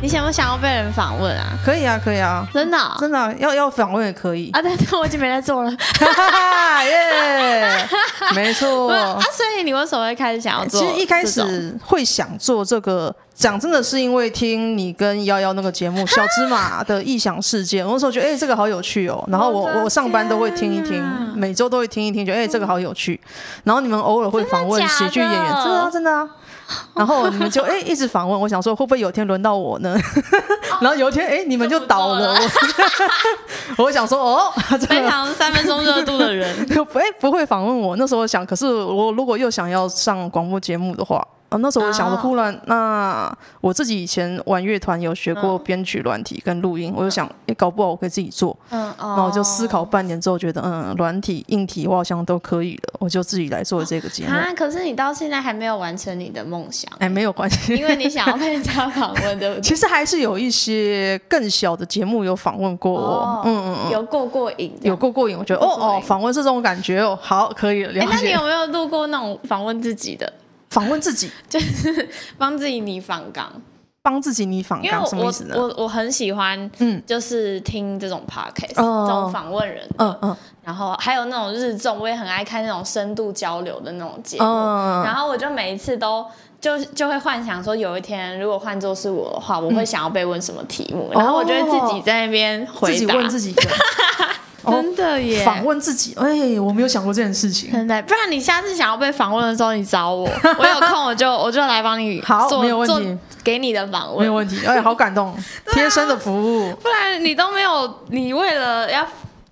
你想不想要被人訪問啊？可以啊，可以啊，可以啊，真的、啊，真的要要訪問也可以啊。但是我已經沒在做了。哈哈，耶，沒錯。啊，所以你為什麼會開始想要做？其實一開始會想做這個，講真的是因為聽你跟妖妖那個節目《 小芝麻的異想世界》，我那時候覺得哎、欸，這個好有趣哦。然後我我，啊、我上班都會聽一聽，每周都會聽一聽，覺得哎、欸，這個好有趣。然後你們偶爾會訪問喜劇演員，真的、的、啊、真的、啊。 然後你們就誒、欸、一直訪問，我想說會不會有一天輪到我呢？ 然後有一天哎、欸、你們就倒了，哦、我哈哈哈我想說哦，這個、非常三分鐘熱度的人，不哎、欸、不會訪問我。那時候想，可是我如果又想要上廣播節目的話，哦，那時候我想着，忽然那我自己以前玩樂團，有學過編曲、軟體跟錄音，我就想，哎，搞不好我可以自己做。嗯啊。然後我就思考半年之後，覺得嗯，軟體、硬體我好像都可以了，我就自己來做這個節目。啊，可是你到現在還沒有完成你的夢想？哎，沒有關係，因為你想要被人家訪問，對不對？其實還是有一些更小的節目有訪問過我，嗯嗯，有過過癮，有過過癮，我覺得哦哦，訪問是這種感覺哦，好，可以了解。那你有沒有錄過那種訪問自己的？訪、啊、問自己，就是幫自己擬訪綱，幫自己擬訪。因為我我我很喜歡，嗯，就是聽這種 podcast、嗯、這種訪問人嗯，嗯嗯。然後還有那種日綜，我也很愛看那種深度交流的那種節目。嗯、然後我就每一次都就就會幻想說，有一天如果換作是我的話，我會想要被問什麼題目，嗯、然後我就會自己在那邊回答自己，問自己。 哦、真的耶！訪問自己，哎，我沒有想過這件事情。真的，不然你下次想要被訪問的時候，你找我， 我有空我就我就來幫你做。好，沒有問題。給你的訪問，沒有問題。哎，好感動，貼身 的服務、啊。不然你都沒有，你為了要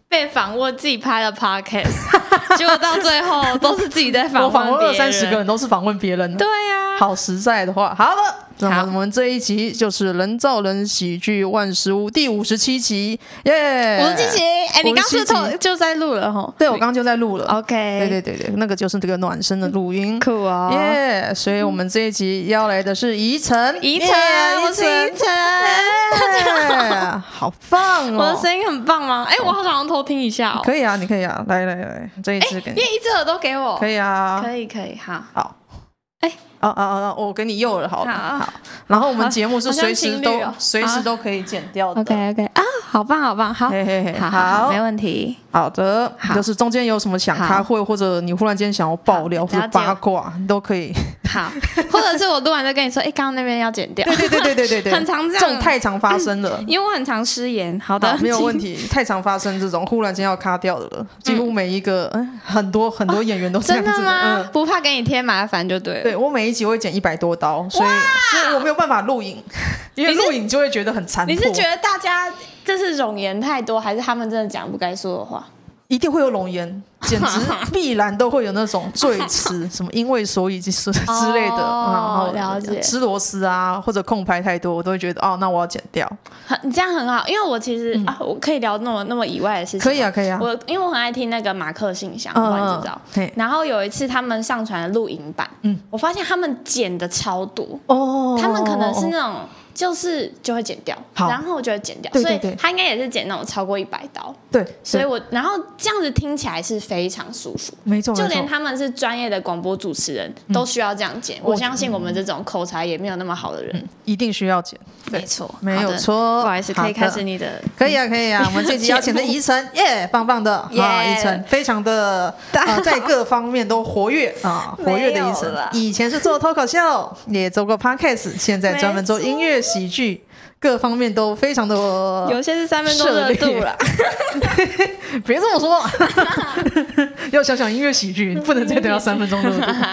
被訪問，自己拍了 podcast， 結果到最後都是自己在訪問，我訪問二三十個人都是訪問別人的。對呀、啊，好實在的話。好了。好，我們這一集就是《人造人喜劇萬事屋》第五十七集，耶！我的聲音，誒你剛剛就在錄了哈。對，我剛剛就在錄了。OK，對對對對，那個就是這個暖身的錄音，酷啊！耶！所以我們這一集要來的是怡岑，怡岑，怡岑，對，好棒哦！我的聲音很棒嗎？誒我好想偷聽一下哦。可以啊，你可以啊，來來來，這一隻給你，你一只耳朵給我。可以啊，可以可以，好。哦哦哦，我給你誘了，好，好。然後我們節目是隨時都隨時都可以剪掉的。OK OK，啊，好棒好棒，好，好嘿嘿好，沒問題。好的，就是中間有什麼想開會，或者你忽然間想要爆料或者八卦，你都可以。好，或者是我錄完再跟你說，哎，剛剛那邊要剪掉。對對對對對對，很常這樣。這種太常發生了，因為我很常失言。好的，沒有問題。太常發生這種忽然間要卡掉的了，幾乎每一個嗯，很多很多演員都這樣子的。嗯，不怕。給你添麻煩就對了。對，我每一集會剪一百多刀，所以哇所以我沒有辦法錄影，因為錄影就會覺得很殘酷。你是覺得大家這是冗言太多，還是他們真的講不該說的話？一定會有冗言，簡直必然都會有那種贅詞，什麼因為所以之類的然後。了解，吃螺絲啊，或者空拍太多，我都會覺得哦，那我要剪掉。很你這樣很好，因為我其實啊，我可以聊那麼那麼以外的事情。可以啊，可以啊。我因為我很愛聽那個馬克信箱，你知道嗎？然後有一次他們上傳錄影版，嗯，我發現他們剪的超多哦，他們可能是那種。就是就會剪掉，然後就會剪掉，所以他應該也是剪那種超過一百刀。對，所以我然後這樣子聽起來是非常舒服，沒錯。就連他們是專業的廣播主持人都需要這樣剪，我相信我們這種口才也沒有那麼好的人，一定需要剪，沒錯，沒有錯。不好意思，可以開始你的，可以啊，可以啊。我們這期邀請的怡岑，耶，棒棒的，耶，怡岑非常的在各方面都活躍啊，活躍的怡岑，以前是做脫口秀，也做過 podcast，現在專門做音樂。喜劇各方面都非常的，有些是三分鐘熱度了，別 這麼說， 要想想音樂喜劇不能再等到三分鐘熱度，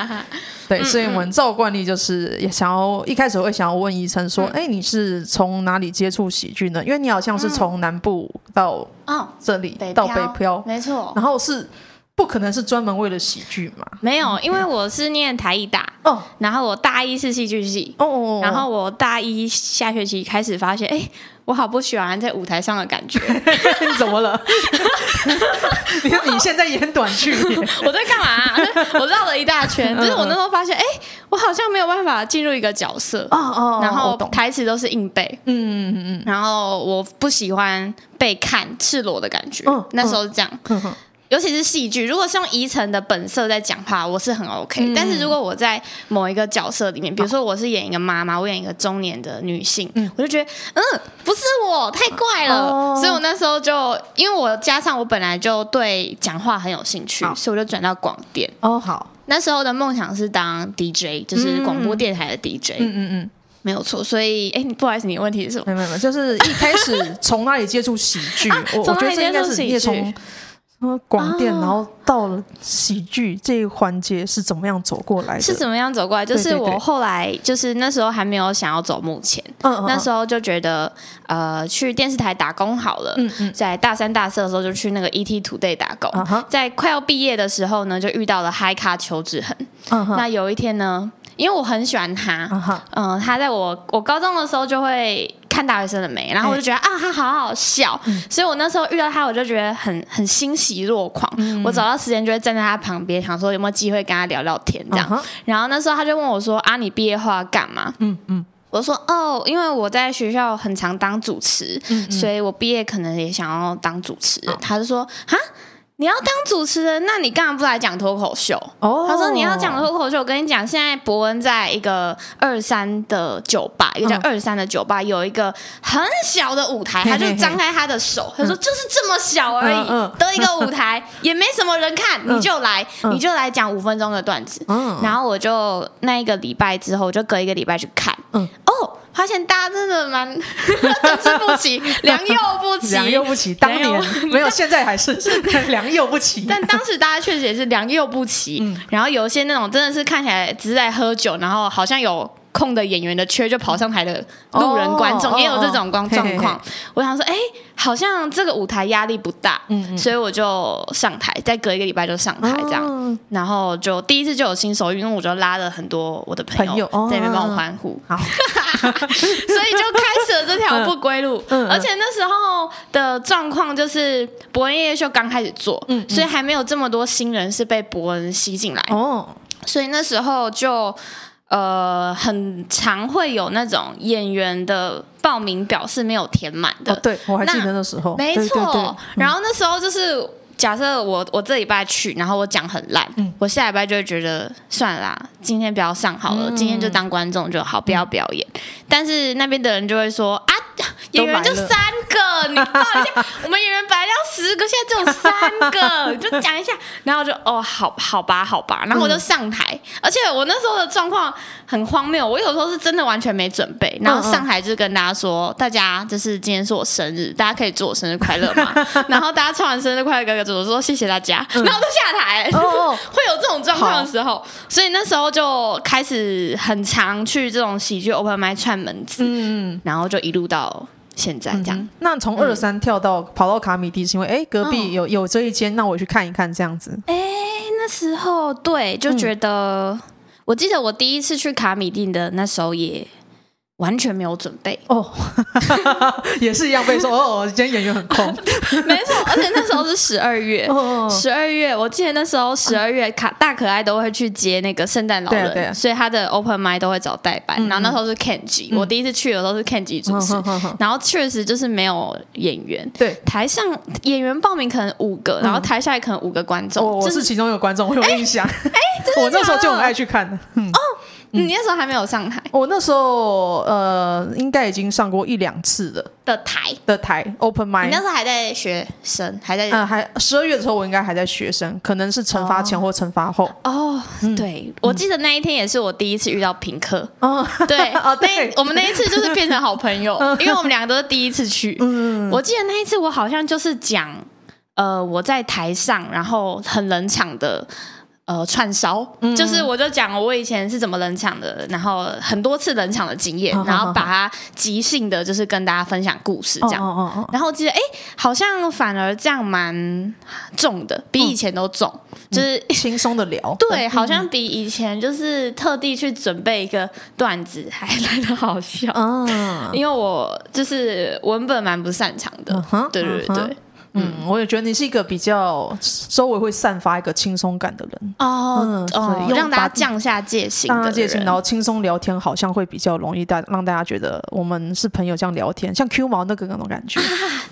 對，所以我們照慣例就是也想要一開始會想要問怡岑說，哎、嗯、欸，你是從哪裡接觸喜劇呢？因為你好像是從南部到這裡，嗯、哦、北到北漂，沒錯錯，然後是。不可能是專門為了喜劇嘛？沒有，因為我是念台藝大哦，然後我大一是戲劇系哦，然後我大一下學期開始發現，哎，我好不喜歡在舞台上的感覺。你怎麼了？你現在演短劇？我在幹嘛？我繞了一大圈，就是我那時候發現，哎，我好像沒有辦法進入一個角色哦哦，然後台詞都是硬背，嗯嗯，然後我不喜歡被看赤裸的感覺，那時候是這樣，尤其是戲劇，如果是用怡岑的本色在講話，我是很 OK，嗯。但是，如果我在某一個角色裡面，比如說我是演一個媽媽，我演一個中年的女性，嗯、我就覺得，嗯，不是我太怪了。哦、所以我那時候就，因為我加上我本來就對講話很有興趣，哦、所以我就轉到廣電。哦，好，那時候的夢想是當 DJ，就是廣播電台的 DJ。嗯，嗯嗯嗯，沒有錯。所以，哎、欸，不好意思，你的問題是什麼？沒有沒有，就是一開始從那裡接觸喜劇，我覺得應該是從。廣電，然後到了喜劇、哦、這一環節是怎麼樣走過來的？是怎麼樣走過來？就是我後來就是那時候還沒有想要走幕前，嗯哼，那時候就覺得呃，去電視台打工好了。嗯嗯，嗯，在大三大四的時候就去那個 ET Today 打工，嗯、哼在快要畢業的時候呢，就遇到了嗨咖邱志恆。嗯哼，那有一天呢，因為我很喜歡他，嗯哼、呃，他在我我高中的時候就會。看大學生了沒？然後我就覺得、欸、啊，他好好笑，嗯、所以我那時候遇到他，我就覺得很很欣喜若狂。嗯嗯，我找到時間就會站在他旁邊，想說有沒有機會跟他聊聊天這樣。嗯、哼然後那時候他就問我說：“啊，你畢業後要幹嘛？”嗯嗯，我說：“哦，因為我在學校很常當主持，嗯嗯，所以我畢業可能也想要當主持人。嗯嗯”他就說：“哈……”你要當主持人，那你幹嘛不來講脫口秀？哦、他說你要講脫口秀，我跟你講，現在伯恩在一個二三的酒吧，一個叫二三的酒吧，嗯、有一個很小的舞台，嘿嘿嘿，他就張開他的手，嗯、他說就是這麼小而已，嗯嗯嗯、的一個舞台，也沒什麼人看，嗯、你就來，嗯、你就來講五分鐘的段子。嗯、然後我就那一個禮拜之後，我就隔一個禮拜去看。嗯，哦。發現大家真的蠻參差不齊，良莠不齊，良莠 不齊。當年又沒有，現在還是 是良的莠不齊。但當時大家確實也是良莠不齊。嗯，然後有一些那種真的是看起來只是在喝酒，然後好像有。空的演員的缺就跑上台的路人觀眾也有這種光狀況，我想說，哎、欸，好像這個舞台壓力不大，嗯，嗯，所以我就上台，再隔一個禮拜就上台這樣，哦、然後就第一次就有新手動，因為我就拉了很多我的朋友在那邊幫我歡呼。好，所以就開始了這條不歸路，嗯嗯嗯，而且那時候的狀況就是博恩夜夜秀剛開始做，嗯嗯，所以還沒有這麼多新人是被博恩吸進來，哦，所以那時候就。呃，很常會有那種演員的報名表是沒有填滿的。哦，對我還記得那時候，沒錯。對對對嗯，然後那時候就是假設我我這禮拜去，然後我講很爛，嗯，我下禮拜就會覺得算了啦，今天不要上好了，嗯，今天就當觀眾就好，不要表演。嗯，但是那邊的人就會說。演員就三個，你放一下。我們演員本來要十個，現在只有三個，就講一下。然後就哦，好好吧，好吧。然後我就上台，而且我那時候的狀況很荒謬，我有時候是真的完全沒準備，然後上台就跟大家說，大家就是今天是我生日，大家可以祝我生日快樂嘛。然後大家唱完生日快樂歌，我就說謝謝大家，然後就下台。會有這種狀況的時候，所以那時候就開始很常去這種喜劇 open mic 串門子，嗯，然後就一路到。現在這樣，嗯、那從二三跳到、嗯、跑到卡米蒂是因為，哎，隔壁有有這一間，哦、那我去看一看這樣子。哎，那時候對，就覺得，嗯、我記得我第一次去卡米蒂的那時候也，完全沒有準備哦，也是一樣被說哦，今天演員很空。沒錯，而且那時候是十二月，十二月，我記得那時候十二月卡大可愛都會去接那個聖誕老人，所以他的 open mic 都會找代班。然後那時候是 Kenji，我第一次去的時候是 Kenji 主持，然後確實就是沒有演員。對，台上演員報名可能五個，然後台下也可能五個觀眾。我是其中一個觀眾，我有印象。哎，我那時候就很愛去看的。哦。嗯、你那時候還沒有上台，我那時候呃，應該已經上過一兩次了的台的台。Open Mic，你那時候還在學生，還在呃、嗯、還十二月的時候，我應該還在學生，可能是懲罰前或懲罰後。哦、oh. oh, 嗯，對，我記得那一天也是我第一次遇到評課。哦，oh. 對，哦 對，那對我們那一次就是變成好朋友， 因為我們兩個都是第一次去。嗯，我記得那一次我好像就是講，呃，我在台上，然後很冷場的。呃，串燒、嗯、就是，我就講我以前是怎麼冷場的，然後很多次冷場的經驗，嗯、然後把它即興的，就是跟大家分享故事這樣，嗯嗯、然後記得哎，好像反而這樣蠻重的，比以前都重，就是輕鬆、嗯、的聊，對，好像比以前就是特地去準備一個段子還來得好笑，嗯、因為我就是文本蠻不擅長的，嗯嗯、對，對對對。嗯，我也覺得你是一個比較周圍會散發一個輕鬆感的人哦，oh, 嗯，對讓大家降下戒心，降下戒心，然後輕鬆聊天，好像會比較容易帶讓，讓大家覺得我們是朋友這樣聊天，像 Q 毛那個那種感覺。啊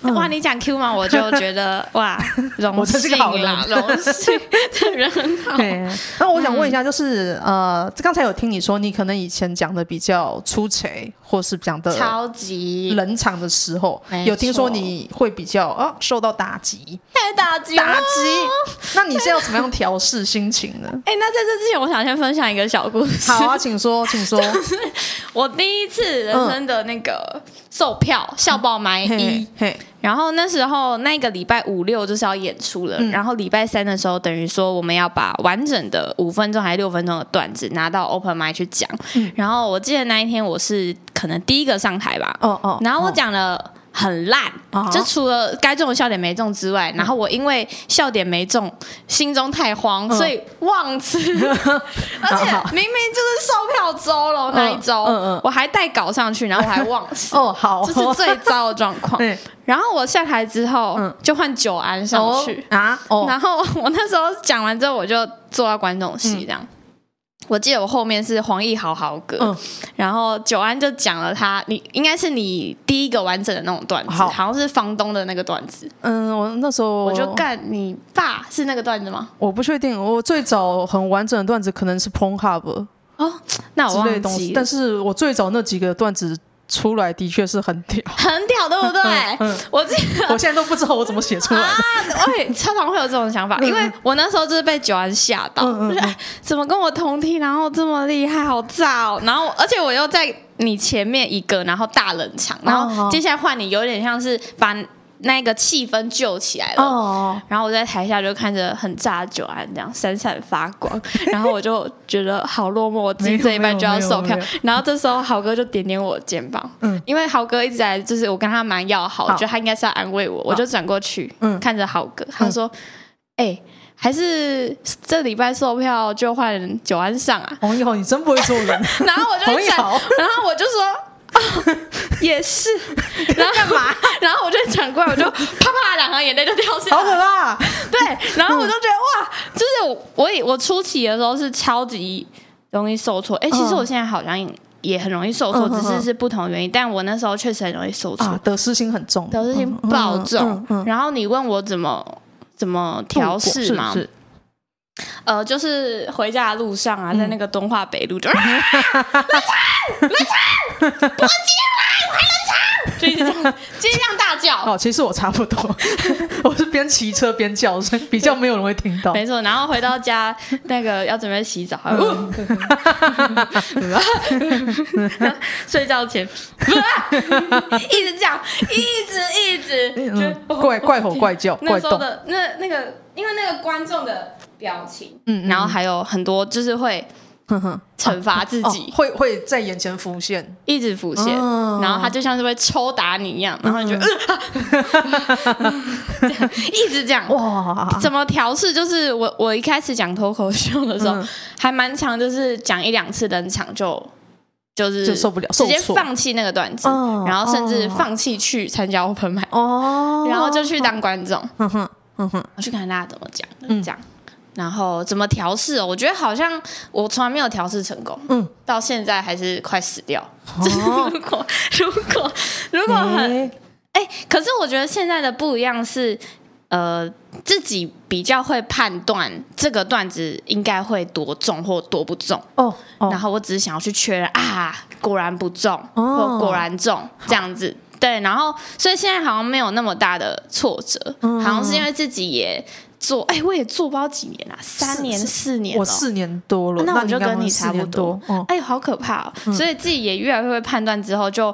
嗯、哇，你講 Q 毛我就覺得 哇，榮幸 我真是個好人， 榮幸，人很好，啊。那我想問一下，就是，嗯、呃，剛才有聽你說，你可能以前講的比較粗錘。或是講的超級冷場的時候，超級 有聽說你會比較錯啊受到打擊，太打擊了。打擊，那你是要怎麼樣調適心情呢？哎、欸，那在這之前，我想先分享一個小故事。好啊，請說，請說。我第一次人生的那個售票笑爆埋一。嘿嘿嘿然後那時候那個禮拜五六就是要演出了，嗯、然後禮拜三的時候等於說我們要把完整的五分鐘還是六分鐘的段子拿到 open mic 去講，嗯、然後我記得那一天我是可能第一個上台吧，哦哦、然後我講了。哦很爛，就除了該中的笑點沒中之外，然後我因為笑點沒中，心中太慌，所以忘詞，而且明明就是售票周咯，那一周，我還帶稿上去，然後還忘詞，哦好，這是最糟的狀況。然後我下台之後，就換九安上去啊，然後我那時候講完之後，我就坐到觀眾席這樣。我記得我後面是黃奕豪豪哥，嗯，然後九安就講了他，你應該是你第一個完整的那種段子，好，好像是房東的那個段子。嗯，我那時候我就幹你爸是那個段子嗎？我不確定，我最早很完整的段子可能是 PornHub 哦，那我忘記東西。但是我最早那幾個段子。出來的確是很屌，很屌，對不對？嗯嗯、我這，我現在都不知道我怎麼寫出來。 啊，哎，常常會有這種想法，嗯、因為我那時候就是被九安嚇到、嗯就是哎，怎麼跟我同梯，然後這麼厲害，好炸哦！然後，而且我又在你前面一個，然後大冷場，然後接下來換你，有點像是把。那個氣氛就起來了，然後我在台下就看着很炸，九安這樣閃閃發光，然後我就覺得好落寞，我自己這一半就要售票。然後這時候豪哥就點點我肩膀，嗯，因為豪哥一直在就是我跟他蠻要好，覺得他應該是要安慰我，我就轉過去，嗯，看着豪哥，他說：“哎，還是這禮拜售票就換九安上啊？”黃逸豪，你真不會做人，然後我就然後我就說。也是，然後幹嘛？然後我就很奇怪，我就啪啪兩行眼淚就掉下來，好可怕！對，然後我就覺得、嗯、哇，就是我我我初期的時候是超級容易受挫，哎、嗯欸，其實我現在好像也很容易受挫，嗯、只是是不同原因。但我那時候確實很容易受挫，得失心很重，得失心暴重。嗯、然後你問我怎麼怎麼調適嘛？是，是。呃，就是回家的路上啊，在那個敦化北路、嗯、就啊，冷場、冷場，接進我還冷場，就一直這樣大叫。哦，其實我差不多，我是邊騎車邊叫，所以比較沒有人會聽到。沒錯，然後回到家那個要準備洗澡，嗯嗯、睡覺前一直叫，一直一直就、嗯、怪、哦、怪吼怪叫，那時候的怪動，那那個因為那個觀眾的表情，嗯，然後還有很多，就是會，哼哼，懲罰自己，會會在眼前浮現，一直浮現，然後他就像是會抽打你一樣，然後你就，哈哈哈哈哈，一直這樣，哇，怎麼調適？就是我我一開始講脫口秀的時候，還蠻常，就是講一兩次冷場就，就是受不了，直接放棄那個段子，然後甚至放棄去參加歐噴麥，哦，然後就去當觀眾，哼哼哼哼，去看大家怎麼講，嗯，這樣。然後怎麼調適？哦。我覺得好像我從來沒有調適成功，嗯，到現在還是快死掉。哦、 如果如果如果很哎、欸欸，可是我覺得現在的不一樣是，呃，自己比較會判斷這個段子應該會多重或多不重哦。哦，然後我只是想要去確認啊，果然不重，或果然重，哦，這樣子好對。然後所以現在好像沒有那麼大的挫折，嗯、好像是因為自己也。做哎、欸，我也做不幾年、啊、年，是是年了，三年四年，我四年多了、啊，那我就跟你差不多。哎、嗯欸，好可怕哦！嗯、所以自己也越來越會判斷，之後就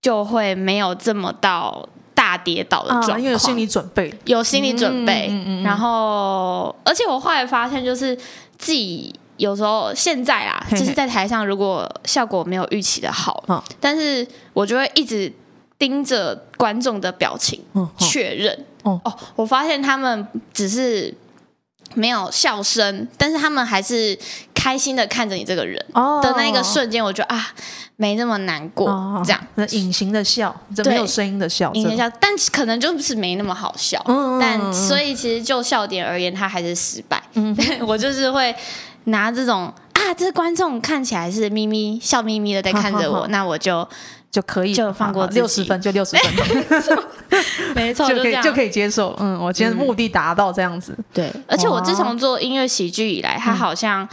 就會沒有這麼到大跌倒的狀況、啊，因為有心理準備，有心理準備。嗯、然後，而且我後來發現，就是自己有時候現在啊，就是在台上，如果效果沒有預期的好，嗯、但是我就會一直盯着觀眾的表情，確、嗯嗯、認。嗯哦，我發現他們只是沒有笑聲，但是他們還是開心的看着你這個人、哦、的那個瞬間，我覺得啊，沒那麼難過，哦、這樣。那隱形的笑，這沒有聲音的笑，對種隱形的笑，但可能就是沒那麼好笑。嗯嗯嗯但所以其實就笑點而言，他還是失敗。嗯、 我就是會拿這種啊，這觀眾看起來是咪咪笑眯眯的在看着我，好好好那我就。就可以就放過六十分，分，就六十分，沒錯，就可以就，就可以接受。嗯，我今天目的達到，這樣子。嗯、對，而且我自從做音樂喜劇以來，他哇好像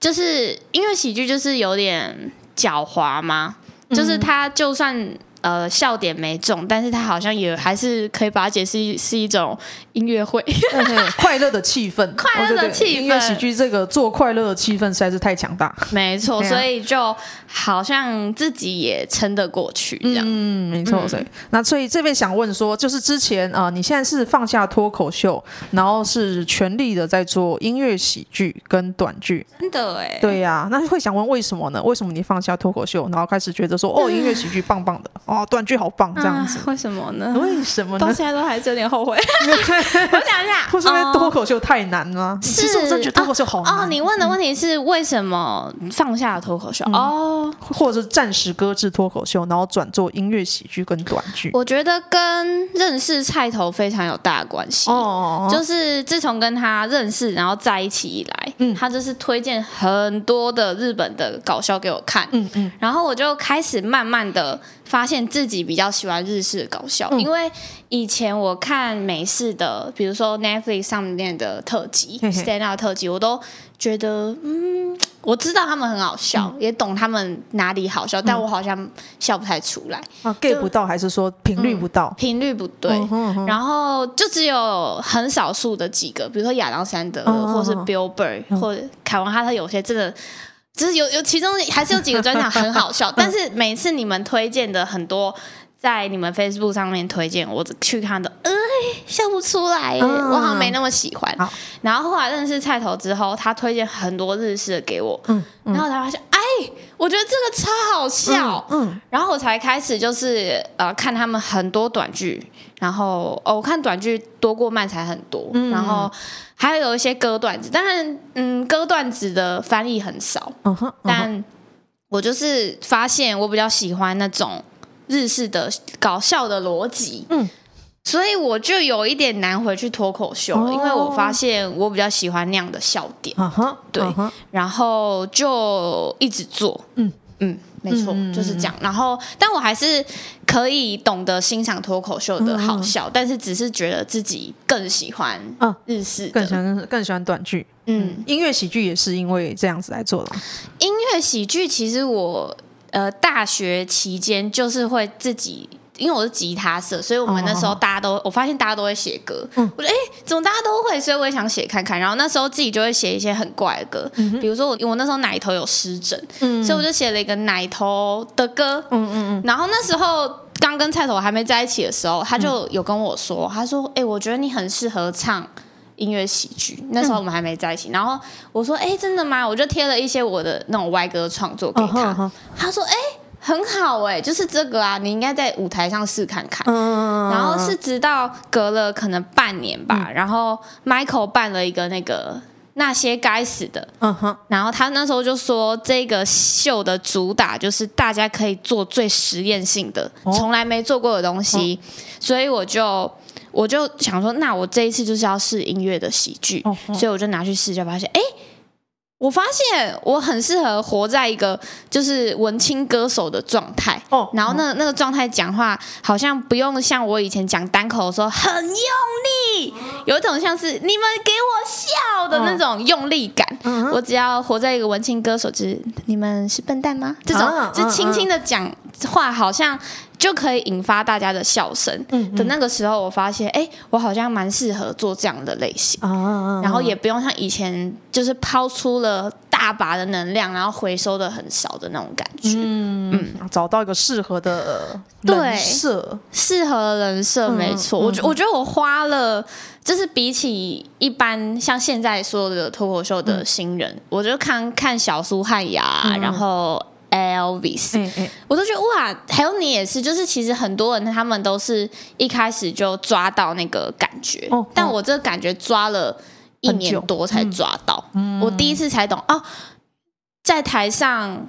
就是音樂喜劇，就是有點狡猾嘛，嗯、就是他就算。嗯呃，笑點沒中，但是他好像也還是可以把它解釋是一，是一種音樂會， 嘿嘿快樂的氣氛，快樂的氣氛，哦，對對音樂喜劇這個做快樂的氣氛實在是太強大，沒錯，啊，所以就好像自己也撐得過去，這樣，嗯，沒錯，所以，嗯，那所以這邊想問說，就是之前啊，呃，你現在是放下脫口秀，然後是全力的在做音樂喜劇跟短劇，真的哎？對呀，啊，那會想問為什麼呢？為什麼你放下脫口秀，然後開始覺得說，嗯，哦，音樂喜劇棒棒的？哦，短劇好棒，這樣子。為什麼呢？為什麼呢？到現在都還是有點後悔。我想一下，不是因為脫口秀太難了？是，其實我真的覺得脫口秀好難。哦，你問的問題是為什麼放下脫口秀？哦，或者是暫時擱置脫口秀，然後轉做音樂喜劇跟短劇？我覺得跟認識菜頭非常有大關係。哦，就是自從跟他認識，然後在一起以來，嗯，他就是推薦很多的日本的搞笑給我看，嗯嗯，然後我就開始慢慢的。發現自己比較喜歡日式的搞笑，嗯、因為以前我看美式的，比如說 Netflix 上面的特輯、嘿嘿 Stand Up 特輯，我都覺得，嗯，我知道他們很好笑，嗯、也懂他們哪裡好笑，嗯、但我好像笑不太出來。啊就，get 不到，還是說頻率不到？頻、嗯、率不對。嗯、哼哼然後就只有很少數的幾個，比如說亞當·山德、嗯、哼哼或是 bert,、嗯哼，是 Bill Burr 或凱文·哈特，有些這個就是有有，其中還是有幾個專場很好笑， 但是每次你們推薦的很多，在你們 Facebook 上面推薦我去看的，哎、呃，笑不出來耶，嗯、我好像沒那麼喜歡。好然後後來認識菜頭之後，他推薦很多日式的給我，嗯嗯、然後他發現。我覺得這個超好笑，嗯，嗯、然後我才開始就是呃看他們很多短劇，然後、哦、我看短劇多過漫才很多，嗯、然後還有一些歌段子，但是嗯歌段子的翻譯很少，嗯哼、嗯哼、但我就是發現我比較喜歡那種日式的搞笑的邏輯，嗯所以我就有一點難回去脫口秀，哦、因為我發現我比較喜歡那樣的笑點，啊、哈對，啊、哈然後就一直做，嗯嗯，沒錯，嗯嗯就是這樣。然後，但我還是可以懂得欣賞脫口秀的好笑，嗯嗯但是只是覺得自己更喜歡啊日式啊，更喜歡更喜歡短劇，嗯，音樂喜劇也是因為這樣子來做的。音樂喜劇其實我呃大學期間就是會自己。因為我是吉他社，所以我們那時候大家都，oh, oh, oh. 我發現大家都會寫歌，嗯、我說哎，怎麼大家都會？所以我也想寫看看。然後那時候自己就會寫一些很怪的歌，嗯、哼比如說我我那時候奶頭有濕疹，嗯嗯，所以我就寫了一個奶頭的歌。嗯嗯嗯然後那時候剛跟菜頭還沒在一起的時候，他就有跟我說，嗯、他說哎、欸，我覺得你很適合唱音樂喜劇。那時候我們還沒在一起，嗯、然後我說哎、欸，真的嗎？我就貼了一些我的那種歪歌創作給他。Oh, oh, oh. 他說哎。欸很好哎、欸，就是這個啊，你應該在舞台上試看看。嗯、然後是直到隔了可能半年吧，嗯、然後 Michael 辦了一個那個那些該死的，嗯哼。然後他那時候就說，這個秀的主打就是大家可以做最實驗性的，哦、從來沒做過的東西。哦、所以我就我就想說，那我這一次就是要試音樂的喜劇，嗯、哼所以我就拿去試，就發現哎。誒我發現我很適合活在一個就是文青歌手的狀態，然後那那個狀態講話好像不用像我以前講單口的時候很用力，有一種像是你們給我笑的那種用力感。我只要活在一個文青歌手，就是你們是笨蛋嗎？這種就輕輕的講話，好像。就可以引發大家的笑聲。等、嗯嗯、那個時候，我發現，哎、欸，我好像蠻適合做這樣的類型，uh uh. 然後也不用像以前，就是拋出了大把的能量，然後回收的很少的那種感覺。嗯，嗯找到一個適合的人設，對，適合的人設，沒錯。我我覺得我花了，就是比起一般像現在所有的脫口秀的新人，我就看看小蘇漢雅，然後。Elvis，、欸欸、我都覺得哇，還有你也是，就是其實很多人他們都是一開始就抓到那個感覺，哦哦、但我這個感覺抓了一年多才抓到，嗯嗯、我第一次才懂哦，在台上。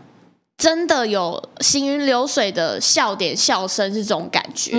真的有行雲流水的笑點，笑聲是這種感覺。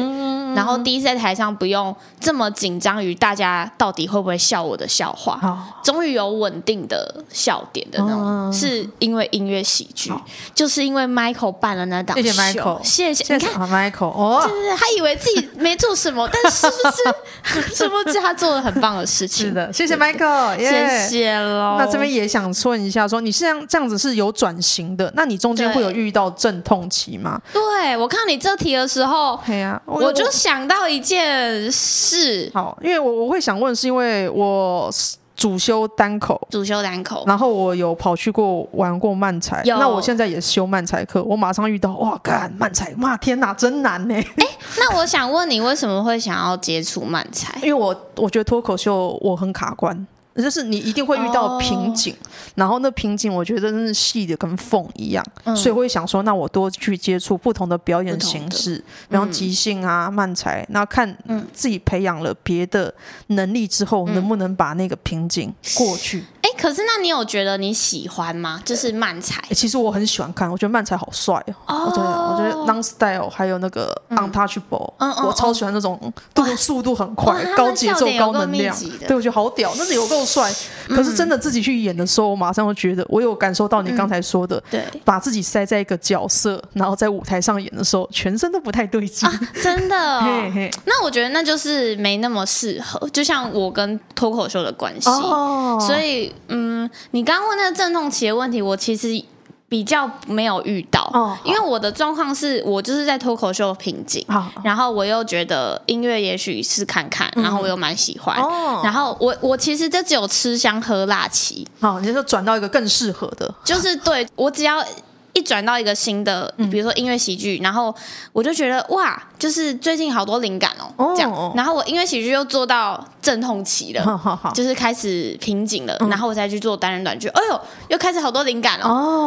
然後第一次在台上不用這麼緊張，於大家到底會不會笑我的笑話。終於有穩定的笑點的那種，是因為音樂喜劇，就是因為 Michael 辦了那檔。謝謝 Michael，謝謝。你看 Michael，哦，對對，他以為自己沒做什麼，但是不是，是不是他做了很棒的事情？是的，謝謝 Michael，謝謝嘍。那這邊也想問一下，說你現在這樣子是有轉型的，那你中間。會，會有遇到陣痛期嗎？對，我看到你這題的時候，啊、我，我就想到一件事。好，因為我我會想問，是因為我主修單口，主修單口，然後我有跑去過玩過漫才，有那我現在也修漫才課，我馬上遇到哇，幹漫才，哇，天哪，真難呢，欸欸。那我想問你，為什麼會想要接觸漫才？ 因為我我覺得脫口秀我很卡關。就是你一定會遇到瓶頸，然後那瓶頸我覺得真是細的跟縫一樣，所以會想說，那我多去接觸不同的表演形式，然後即興啊、漫才，那看自己培養了別的能力之後，能不能把那個瓶頸過去？哎，可是那你有覺得你喜歡嗎？就是漫才？其實我很喜歡看，我覺得漫才好帥哦，我覺得我覺得 non style，還有那個 untouchable 我超喜歡那種動作速度很快、高節奏、高能量，對我覺得好屌，那是有跟我。帥，可是真的自己去演的時候，嗯、我馬上就覺得，我有感受到你剛才說的，嗯、對，把自己塞在一個角色，然後在舞台上演的時候，全身都不太對勁、啊、真的、哦， 那我覺得那就是沒那麼適合，就像我跟脫口秀的關係，哦、所以，嗯，你剛剛問那個陣痛期的問題，我其實。比較沒有遇到，哦、因為我的狀況是我就是在脫口秀的瓶頸，哦、然後我又覺得音樂也許是看看，嗯、然後我又蠻喜歡，哦、然後我我其實就只有吃香喝辣期。哦，你就轉到一個更適合的，就是對我只要。 一轉到一個新的，比如說音樂喜劇，然後我就覺得哇，就是最近好多靈感哦，這樣。然後我音樂喜劇又做到陣痛期了，就是開始瓶頸了。然後我再去做單人短劇，哎呦，又開始好多靈感了。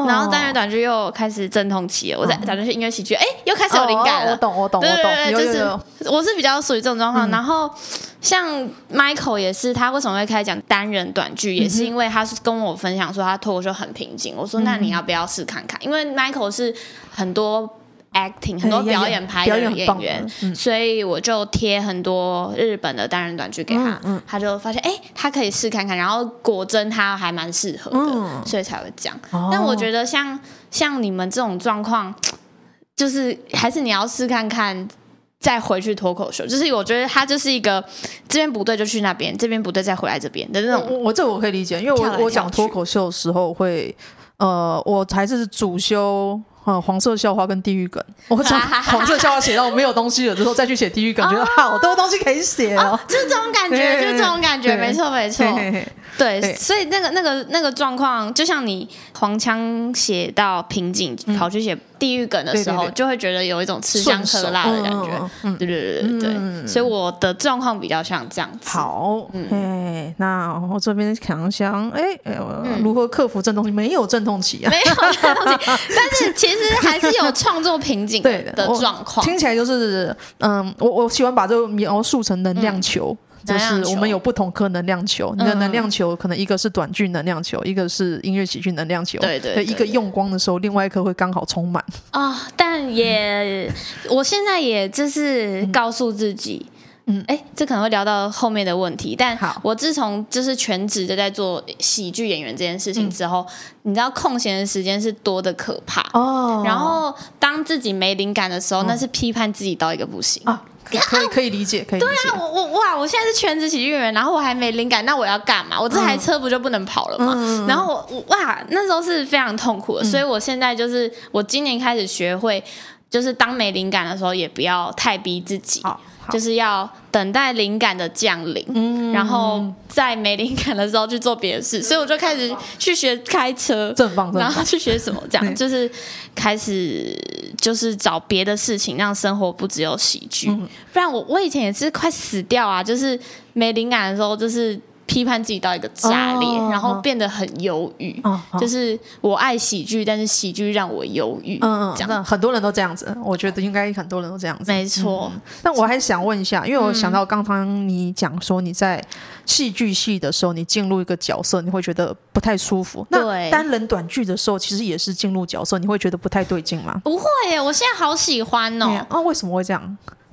然後單人短劇又開始陣痛期了，我再轉回去音樂喜劇，哎，又開始有靈感了。我懂，我懂，我懂，對對對，就是我是比較屬於這種狀況。然後。像 Michael 也是，他為什麼會開始講單人短劇，嗯、哼也是因為他是跟我分享說他脫口秀很瓶頸，我說那你要不要試看看？嗯、因為 Michael 是很多 acting、嗯、很多表演派的演員，演演嗯、所以我就貼很多日本的單人短劇給他，嗯嗯他就發現哎、欸，他可以試看看。然後果真他還蠻適合的，嗯、所以才會講。哦、但我覺得像像你們這種狀況，就是還是你要試看看。再回去脫口秀，就是我覺得他就是一個這邊不對就去那邊，這邊不對再回來這邊的那種。嗯、我這我可以理解，因為我跳跳我講脫口秀的時候會，呃，我還是主修啊、嗯、黃色笑話跟地獄梗，我會從黃色笑話寫到我沒有東西了之後再去寫地獄梗， 覺得好多、啊、東西可以寫哦，就這種感覺，就這種感覺，沒錯沒錯。沒錯嘿嘿嘿對，所以那個、那個、那個狀況，就像你黃腔寫到瓶頸，跑去寫地獄梗的時候，就會覺得有一種吃香喝辣的感覺。對對對對對，所以我的狀況比較像這樣子。好，哎，那我這邊強強，哎，如何克服陣痛期？沒有陣痛期啊，沒有陣痛期，但是其實還是有創作瓶頸的狀況。聽起來就是，嗯，我我喜歡把這個描述成能量球。就是我們有不同顆能量球，你的能，、嗯、能量球可能一個是短劇能量球，一個是音樂喜劇能量球。對對，對對，一個用光的時候，另外一顆會剛好充滿。啊、哦，但也、嗯、我現在也就是告訴自己，嗯，哎、嗯，這可能會聊到後面的問題。但好，我自從就是全職就在做喜劇演員這件事情之後，嗯、你知道空閒的時間是多的可怕哦。然後當自己沒靈感的時候，嗯、那是批判自己到一個不行、啊可以可以理解，可以理解、啊。對啊，我我哇，我現在是全職喜劇演員，然後我還沒靈感，那我要幹嘛？我這台車不就不能跑了嗎？嗯、然後我哇，那時候是非常痛苦的，嗯、所以我現在就是我今年開始學會，就是當沒靈感的時候，也不要太逼自己、哦就是要等待靈感的降臨，嗯好，然後在沒靈感的時候去做別的事，嗯嗯、所以我就開始去學開車，真的棒，真的棒，然後去學什麼，這樣對就是開始就是找別的事情，讓生活不只有喜劇。嗯、不然我我以前也是快死掉啊，就是沒靈感的時候就是。批判自己到一個炸裂，哦哦、然後變得很憂鬱，哦哦、就是我愛喜劇，但是喜劇讓我憂鬱，嗯嗯，嗯嗯，真的很多人都這樣子，我覺得應該很多人都這樣子，沒錯，嗯。但我還想問一下，因為我想到剛剛你講說你在戲劇系的時候，嗯、你進入一個角色，你會覺得不太舒服。對那單人短劇的時候，其實也是進入角色，你會覺得不太對勁嗎？不會，我現在好喜歡哦。哦、嗯啊，為什麼會這樣？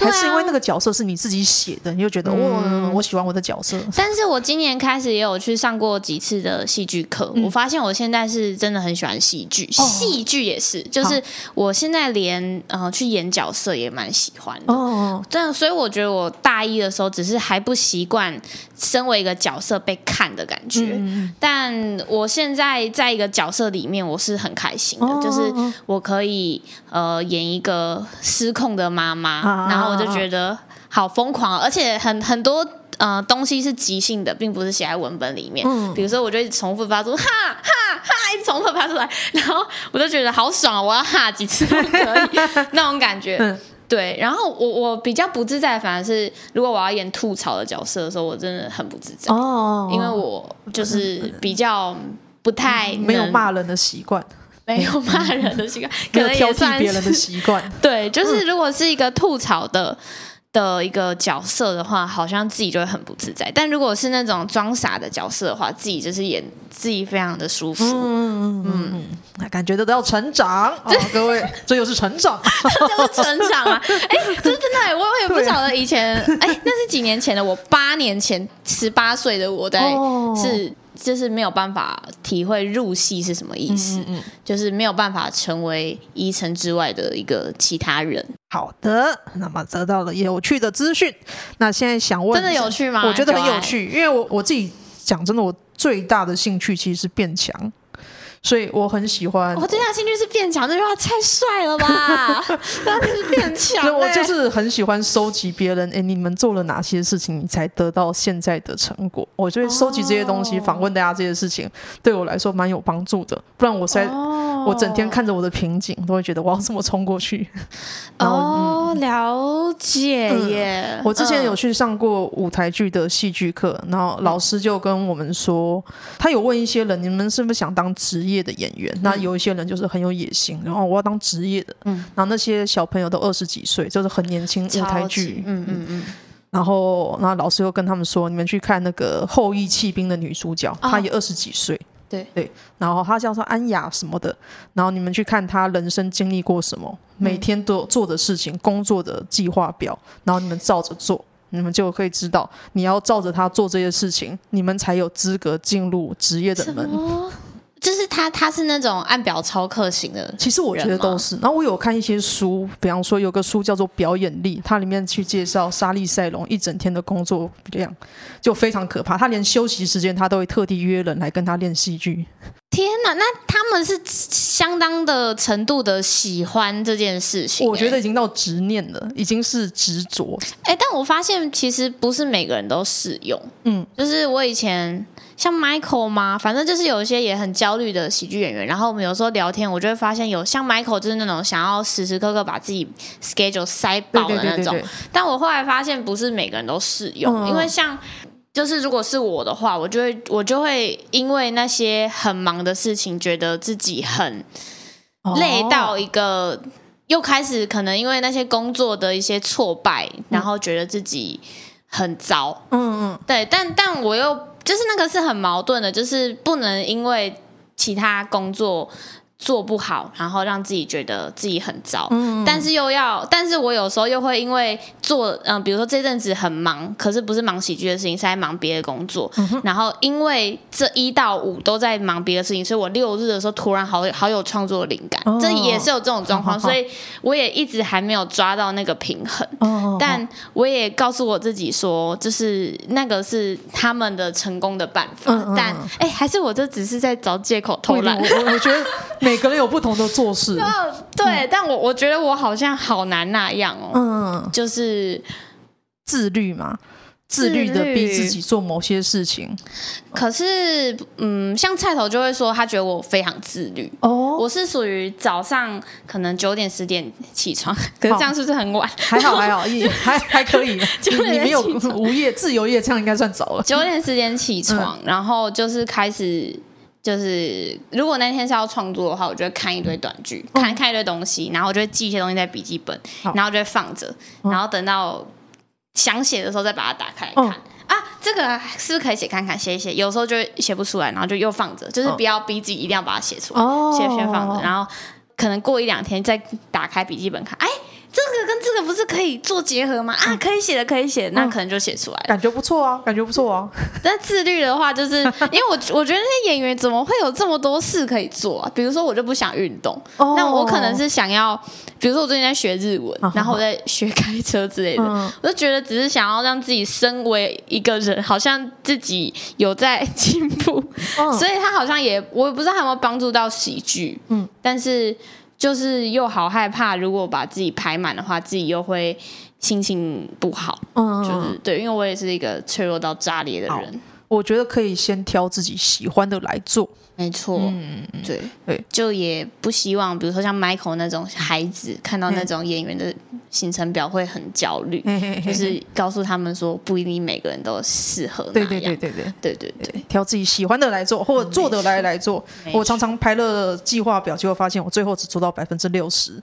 還是因為那個角色是你自己寫的，啊、你就覺得我、嗯哦、我喜歡我的角色。但是我今年開始也有去上過幾次的戲劇課，嗯、我發現我現在是真的很喜歡戲劇，戲劇、哦、也是，就是我現在連好呃去演角色也蠻喜歡哦，哦。這樣，所以我覺得我大一的時候只是還不習慣。身為一個角色被看的感覺，嗯、但我現在在一個角色裡面，我是很開心的，哦哦哦，就是我可以呃演一個失控的媽媽，哦、然後我就覺得好瘋狂，哦，而且很很多呃東西是即興的，並不是寫在文本裡面。嗯、比如說，我就會重複發出“哈哈哈”，一直重複發出來，然後我就覺得好爽，我要哈幾次都可以， 那種感覺。嗯對，然後我我比較不自在，反而是如果我要演吐槽的角色的時候，我真的很不自在，oh, 因為我就是比較不太沒有罵人的習慣，沒有罵人的習慣，可能也算挑別人的習慣。對，就是如果是一個吐槽的。嗯的一個角色的話，好像自己就會很不自在；但如果是那種裝傻的角色的話，自己就是演自己，非常的舒服。嗯嗯嗯，嗯嗯感覺都都要成長對、哦、各位，這又 是成長，這又 是成長啊！哎、欸，真的我我也不曉得以前，哎對、啊欸，那是幾年前的我，我八年前十八歲的我在、哦、是。就是沒有辦法體會入戲是什麼意思，嗯嗯嗯，就是沒有辦法成為怡岑之外的一個其他人。好的，那麼得到了有趣的資訊。那現在想問，真的有趣嗎？我覺得很有趣，對吧。因為我我自己講真的，我最大的興趣其實是變強。所以我很喜歡。我對他興趣是變強，這句話太帥了吧！然 是變強、欸。對，我就是很喜歡收集別人。哎，你們做了哪些事情，你才得到現在的成果？我覺得收集這些東西，oh. 訪問大家這些事情，對我來說蠻有幫助的。不然我在，oh. 我整天看着我的瓶頸，都會覺得我要怎麼衝過去。哦，oh, 嗯、了解耶、嗯！我之前有去上過舞台劇的戲劇課，oh. 嗯、然後老師就跟我們說，他有問一些人，你們是不是想當職業？業的演員，那有一些人就是很有野心，嗯、然後我要當職業的。嗯，然後那些小朋友都二十幾歲，就是很年輕。超級。舞台劇，嗯嗯嗯。然後，那老師又跟他們說：“你們去看那個《後翼棄兵》的女主角，啊、她也二十幾歲。對對。然後她叫做安雅什麼的。然後你們去看她人生經歷過什麼，嗯、每天都有做的事情、工作的計劃表。然後你們照着做，你們就可以知道，你要照着她做這些事情，你們才有資格進入職業的門。”就是他，他是那種按表操課型的。其實我覺得都是。然後我有看一些書，比方說有個書叫做《表演力》，它裡面去介紹莎莉賽隆一整天的工作量就非常可怕。他連休息時間，他都會特地約人來跟他練戲劇。天哪，那他們是相當的程度的喜歡這件事情，欸。我覺得已經到執念了，已經是執着。哎，但我發現其實不是每個人都適用。嗯，就是我以前。像 Michael 嗎？反正就是有一些也很焦慮的喜劇演員。然後我們有時候聊天，我就會發現有像 Michael 就是那種想要時時刻刻把自己 schedule 塞爆的那種。對對對對，但我後來發現，不是每個人都適用，嗯、因為像就是如果是我的話，我就會我就會因為那些很忙的事情，覺得自己很累到一個，哦、又開始可能因為那些工作的一些挫敗，然後覺得自己很糟。嗯嗯，對，但但我又。就是那個是很矛盾的，就是不能因為其他工作做不好，然後讓自己覺得自己很糟，嗯、但是又要，但是我有時候又會因為做，嗯、呃，比如說這陣子很忙，可是不是忙喜劇的事情，是在忙別的工作，嗯、哼然後因為這一到五都在忙別的事情，所以我六日的時候突然好好有創作靈感，哦、這也是有這種狀況，哦、所以我也一直還沒有抓到那個平衡，哦、但我也告訴我自己說，就是那個是他們的成功的辦法，嗯嗯，但哎、欸，還是我這只是在找借口偷懶，我我，我覺得。 每個人有不同的做事 對，嗯、但我我覺得我好像好難那樣哦，嗯，就是自律嘛，自律的逼自己做某些事情。可是，嗯，像菜頭就會說他覺得我非常自律哦，我是屬於早上可能九點十點起床，可是這樣是不是很晚？還好 還好，還好還,還可以 你，你沒有午夜自由夜，這樣應該算早了。九點十點起床，嗯、然後就是開始。就是如果那天是要創作的話，我就會看一堆短劇，看看一堆東西，嗯、然後我就會記一些東西在筆記本，哦、然後就會放着，然後等到想寫的時候再把它打開看、哦、啊。這個是不是可以寫看看寫一寫？有時候就寫不出來，然後就又放着，就是不要逼自己一定要把它寫出來，先先、哦、放着，然後可能過一兩天再打開筆記本看，哎、欸。這個跟這個不是可以做結合嗎？啊，可以寫的可以寫，那可能就寫出來、嗯、感覺不錯啊，感覺不錯啊。那自律的話，就是因為我我覺得那些演員怎麼會有這麼多事可以做啊？比如說我就不想運動，那、哦、我可能是想要，比如說我最近在學日文，哦、哈哈然後在學開車之類的，嗯、我就覺得只是想要讓自己身為一個人，好像自己有在進步，嗯、所以他好像也我也不知道他有沒有幫助到喜劇，嗯，但是。就是又好害怕，如果把自己排滿的話，自己又會心情不好。嗯嗯，就是對，因為我也是一個脆弱到炸裂的人。哦我覺得可以先挑自己喜歡的來做，沒錯，對、嗯、對，對就也不希望，比如說像 Michael 那種孩子，看到那種演員的行程表會很焦慮，嗯、就是告訴他們說，不一定每個人都適合那樣。對對對對對對對對，對對對挑自己喜歡的來做，或者做的來的來做。嗯、我常常排了計劃表，結果發現我最後只做到百分之六十。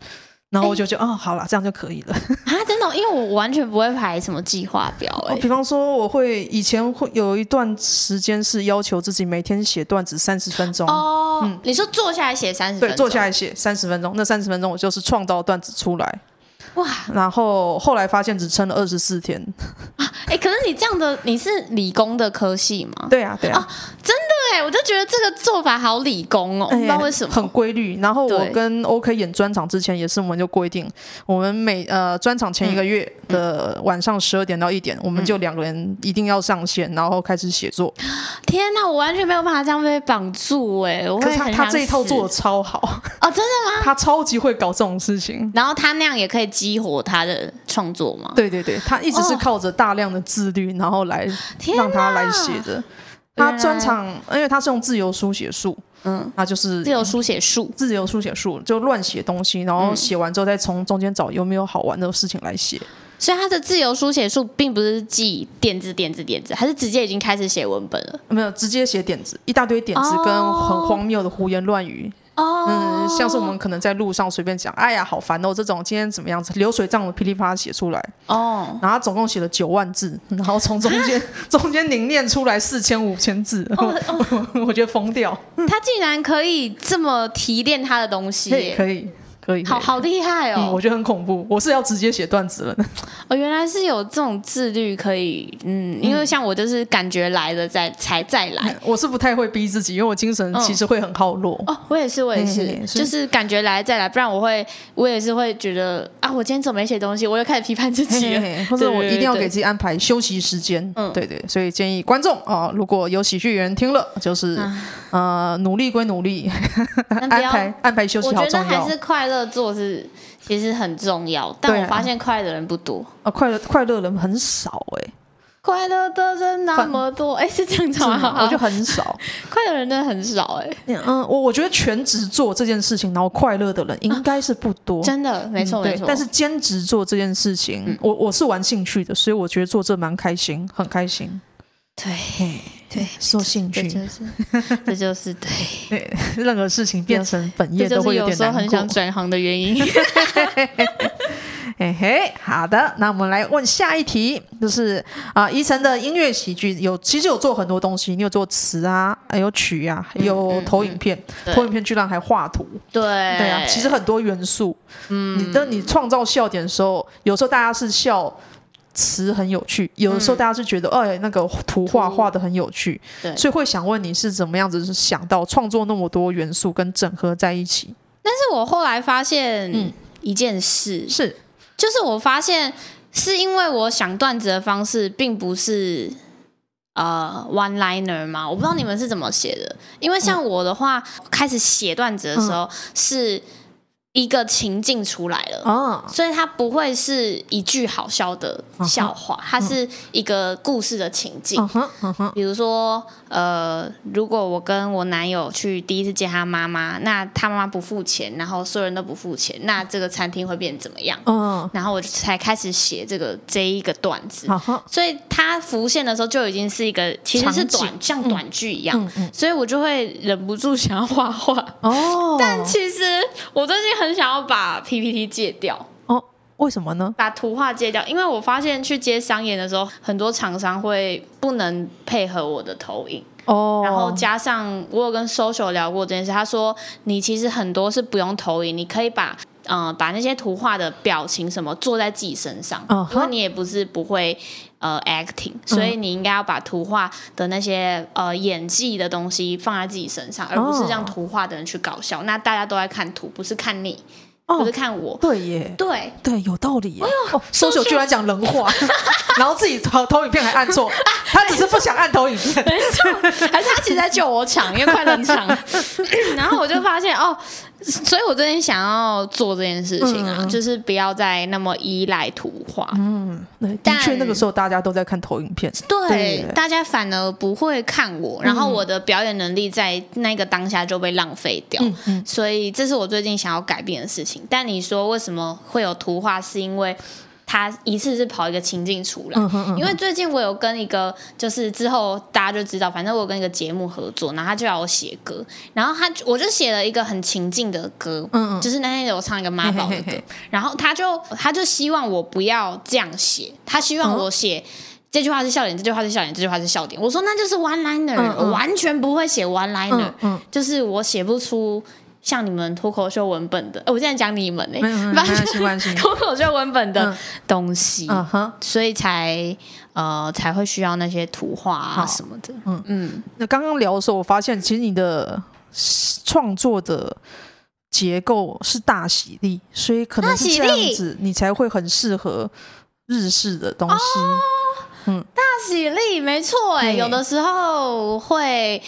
然後我就覺得，欸、哦，好了，這樣就可以了。啊，真的、哦，因為我完全不會排什麼計劃表。哎、哦，比方說，我會以前會有一段時間是要求自己每天寫段子三十分鐘。哦，嗯、你說坐下來寫三十分鐘？對，坐下來寫三十分鐘。那三十分鐘我就是創造段子出來。哇！然後後來發現只撐了二十四天。啊，哎、欸，可是你這樣的，你是理工的科系嗎？ 對呀、啊，對呀、啊啊，真的。對，我就覺得這個做法好理工哦，嗯、我不知道為什麼很規律。然後我跟 OK 演專場之前，也是我們就規定，我們每呃專場前一個月的晚上十二點到一點，嗯、我們就兩個人一定要上線，然後開始寫作。天哪，我完全沒有辦法這樣被綁住哎、欸！可是他，他這一套做的超好哦，真的嗎？他超級會搞這種事情，然後他那樣也可以激活他的創作嘛？對對對，他一直是靠着大量的自律，哦、然後來讓他來寫的。他專場，因為他是用自由書寫術，嗯，他就是自由書寫術，自由書寫術就亂寫東西，然後寫完之後再從中間找有沒有好玩的事情來寫。嗯，所以他的自由書寫術並不是記點子、點子、點子，還是直接已經開始寫文本了？沒有，直接寫點子，一大堆點子跟很荒謬的胡言亂語。哦。哦，嗯，像是我們可能在路上隨便講，哦、哎呀，好煩哦、喔，這種今天怎麼樣子，流水賬的噼里啪啦寫出來，哦，然後他總共寫了九萬字，然後從中間哈中間凝練出來四千五千字，我覺得瘋掉，他竟然可以這麼提煉他的東西，嗯，可以。好好厲害哦！我覺得很恐怖，我是要直接寫段子了。哦，原來是有這種自律可以，嗯，因為像我就是感覺來了再才再來。我是不太會逼自己，因為我精神其實會很耗弱。哦，我也是，我也是，就是感覺來再來，不然我會我也是會覺得啊，我今天怎麼沒寫東西？我又開始批判自己了，或者我一定要給自己安排休息時間。嗯，對對，所以建議觀眾啊，如果有喜劇人聽了，就是呃，努力歸努力，安排安排休息好重要，我覺得還是快樂。做是其實很重要，但我發現快樂人不多啊，快樂快樂人很少哎、欸，快樂的人那麼多哎快、欸，是正常嗎？好好我就很少，快樂人真的很少哎、欸，嗯，我我覺得全職做這件事情，然後快樂的人應該是不多，啊、真的沒錯、嗯、沒錯錯，但是兼職做這件事情，嗯、我我是玩興趣的，所以我覺得做這蠻開心，很開心，對。對，說興趣，這就是，這就是對。對，任何事情變成本業都會有點難過。有時候很想轉行的原因。嘿嘿，好的，那我們來問下一題，就是啊，怡、呃、岑的音樂喜劇有，其實有做很多東西，你有做詞啊，還有曲呀、啊，有投影片，嗯嗯嗯、投影片居然還畫圖，對對啊，其實很多元素，嗯，你的你創造笑點的時候，有時候大家是笑，詞很有趣，有的時候大家就覺得，哎、嗯，欸，那個圖畫畫得很有趣，對，所以會想問你是怎麼樣子想到創作那麼多元素跟，整合在一起。但是我後來發現一件事，嗯、是，就是我發現是因為我想段子的方式並不是呃 one liner 嘛，我不知道你們是怎麼寫的，嗯、因為像我的話，我開始寫段子的時候是。嗯一個情境出來了，oh. 所以它不會是一句好笑的笑話，uh huh. 它是一個故事的情境。Uh huh. uh huh. 比如說，呃，如果我跟我男友去第一次見他媽媽，那他媽媽不付錢，然後所有人都不付錢，那這個餐廳會變怎麼樣？嗯、uh，huh. 然後我才開始寫這個這一個段子，uh huh. 所以它浮現的時候就已經是一個其實是短場景，像短劇一樣，嗯嗯，所以我就會忍不住想要畫畫。哦，oh. 但其實我最近很。很想要把 PPT 戒掉哦？為什麼呢？把圖畫戒掉，因為我發現去接商演的時候，很多廠商會不能配合我的投影哦。然後加上我有跟 social 聊過這件事，他說你其實很多是不用投影，你可以把。嗯，把那些圖畫的表情什麼做在自己身上，因為你也不是不會呃 acting，所以你應該要把圖畫的那些呃演技的東西放在自己身上，而不是讓圖畫的人去搞笑。那大家都在看圖，不是看你，不是看我，對耶，對對，有道理。哎呦，蘇九居然講人話，然後自己投投影片還按錯，他只是不想按投影片，沒錯，還是他其實在救我搶，因為快人搶，然後我就發現哦。所以，我最近想要做這件事情啊，嗯、就是不要再那麼依賴圖畫。嗯，但的確，那個時候大家都在看投影片，對，對了大家反而不會看我，然後我的表演能力在那個當下就被浪費掉。嗯、所以這是我最近想要改變的事情。嗯、但你說為什麼會有圖畫？是因為。他一次是跑一個情境出來，嗯哼嗯哼，因為最近我有跟一個，就是之後大家就知道，反正我有跟一個節目合作，然後他就叫我寫歌，然後他我就寫了一個很情境的歌，嗯嗯，就是那天有唱一個媽寶的歌，嘿嘿嘿嘿，然後他就他就希望我不要這樣寫，他希望我寫、嗯、這句話是笑點，這句話是笑點，這句話是笑點，我說那就是 one liner，嗯嗯，我完全不會寫 one liner，嗯嗯，就是我寫不出。像你們脫口秀文本的，哎、欸，我現在講你們呢、欸，沒有發生 沒有沒有脫口秀文本的東西，嗯嗯嗯，所以才呃才會需要那些圖畫啊什麼的，嗯嗯，那剛剛聊的時候，我發現其實你的創作的結構是大喜利，所以可能是這樣子，你才會很適合日式的東西。大喜利、嗯、沒錯、欸，對有的時候會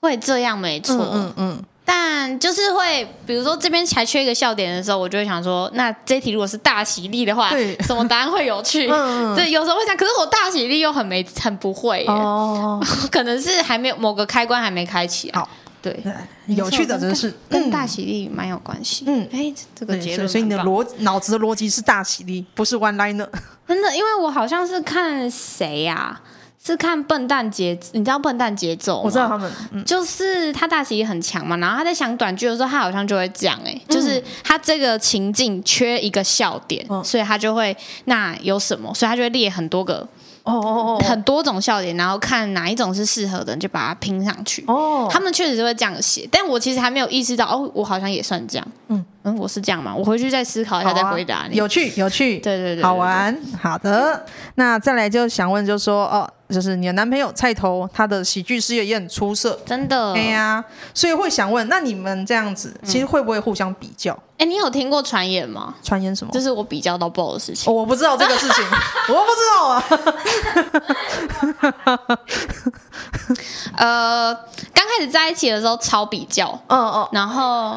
會這樣沒錯，沒錯、嗯，嗯嗯但就是會，比如說這邊還缺一個笑點的時候，我就會想說，那這題如果是大喜利的話，什麼答案會有趣？對，有時候會想，可是我大喜利又很沒，很不會耶。哦，可能是還沒有某個開關還沒開啟好，對，有趣的真是跟大喜利蠻有關係。嗯，哎，這個節目，所以你的邏腦子的邏輯是大喜利，不是 one liner。真的，因為我好像是看誰呀。是看笨蛋節，你知道笨蛋節奏？我知道他們，嗯、就是他大喜利也很強嘛，然後他在想短劇的時候，他好像就會講，哎，就是他這個情境缺一個笑點，嗯、所以他就會那有什麼，所以他就會列很多個。哦，很多種笑點，然後看哪一種是適合的，就把它拼上去。哦，他們確實是會這樣寫，但我其實還沒有意識到哦，我好像也算這樣。嗯嗯，我是這樣嗎？我回去再思考一下、啊、再回答你。有趣，有趣，對對對，對對對，好玩。好的，那再來就想問，就是說哦，就是你的男朋友菜頭，他的喜劇事業也很出色，真的。哎呀、欸啊，所以會想問，那你們這樣子，其實會不會互相比較？嗯哎，你有聽過傳言嗎？傳言什麼？這是我比較到爆的事情、哦。我不知道這個事情， 我不知道啊。 呃，剛開始在一起的時候超比較，嗯嗯、哦哦，然後。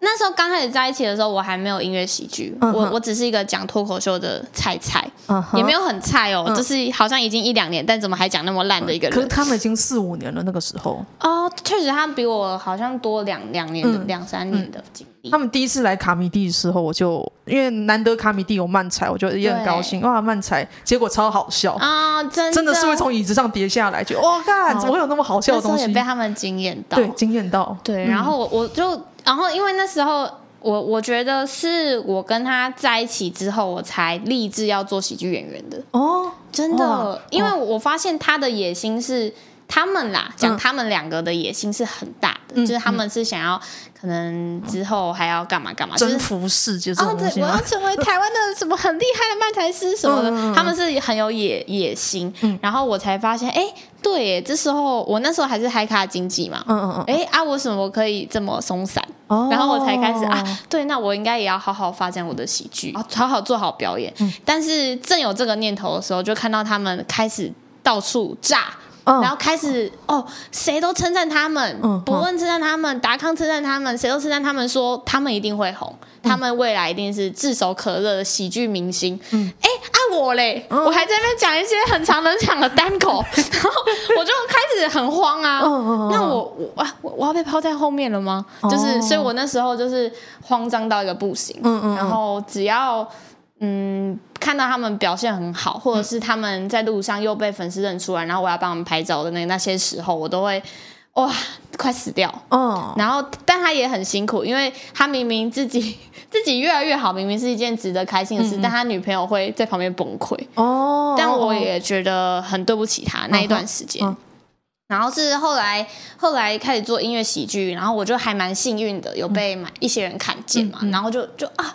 那時候剛開始在一起的時候，我還沒有音樂喜劇，我我只是一個講脫口秀的菜菜，也沒有很菜哦，就是好像已經一兩年，但怎麼還講那麼爛的一個人？可是他們已經四五年了，那個時候確實他們比我好像多兩兩年兩三年的經歷。他們第一次來卡米地的時候，我就因為難得卡米地有漫才，我就也很高興哇，漫才結果超好笑啊，真的真的是會從椅子上跌下來，就哇，怎麼會有那麼好笑的東西？被他們驚艷到，對，驚艷到，對，然後我我就。然後，因為那時候我我覺得是我跟他在一起之後，我才立志要做喜劇演員的哦，真的啊，哦，因為我發現他的野心是。他們啦，講他們兩個的野心是很大的，嗯、就是他們是想要、嗯、可能之後還要幹嘛幹嘛，征、就是、服世界。哦，對，我要成為台灣的什麼很厲害的漫才師什麼的，嗯、他們是很有野野心。嗯、然後我才發現，哎、欸，對耶，這時候我那時候還是嗨咖經濟嘛，嗯嗯嗯，哎、嗯嗯欸、啊，我怎麼可以這麼鬆散？哦、然後我才開始啊，對，那我應該也要好好發展我的喜劇，好好做好表演。嗯、但是正有這個念頭的時候，就看到他們開始到處炸。然後開始哦、哦，誰都稱讚他們，博恩、嗯、稱讚他們，達康稱讚他們，誰都稱讚他們說，說他們一定會紅，嗯、他們未來一定是炙手可熱的喜劇明星。嗯，哎，啊、我嘞，嗯、我還在那邊講一些很長很長的單口，嗯、然後我就開始很慌啊。嗯、那我我我、我要被拋在後面了嗎？嗯、就是，所以我那時候就是慌張到一個不行。嗯嗯、然後只要。嗯，看到他們表現很好，或者是他們在路上又被粉絲認出來，嗯、然後我要幫他們拍照的那那些時候，我都會哇，快死掉。嗯、哦，然後但他也很辛苦，因為他明明自己自己越來越好，明明是一件值得開心的事，嗯嗯，但他女朋友會在旁邊崩潰。哦，哦，哦，但我也覺得很對不起他那一段時間。哦哦哦、然後是後來後來開始做音樂喜劇，然後我就還蠻幸運的，有被買一些人看見嘛，嗯嗯，然後就就啊。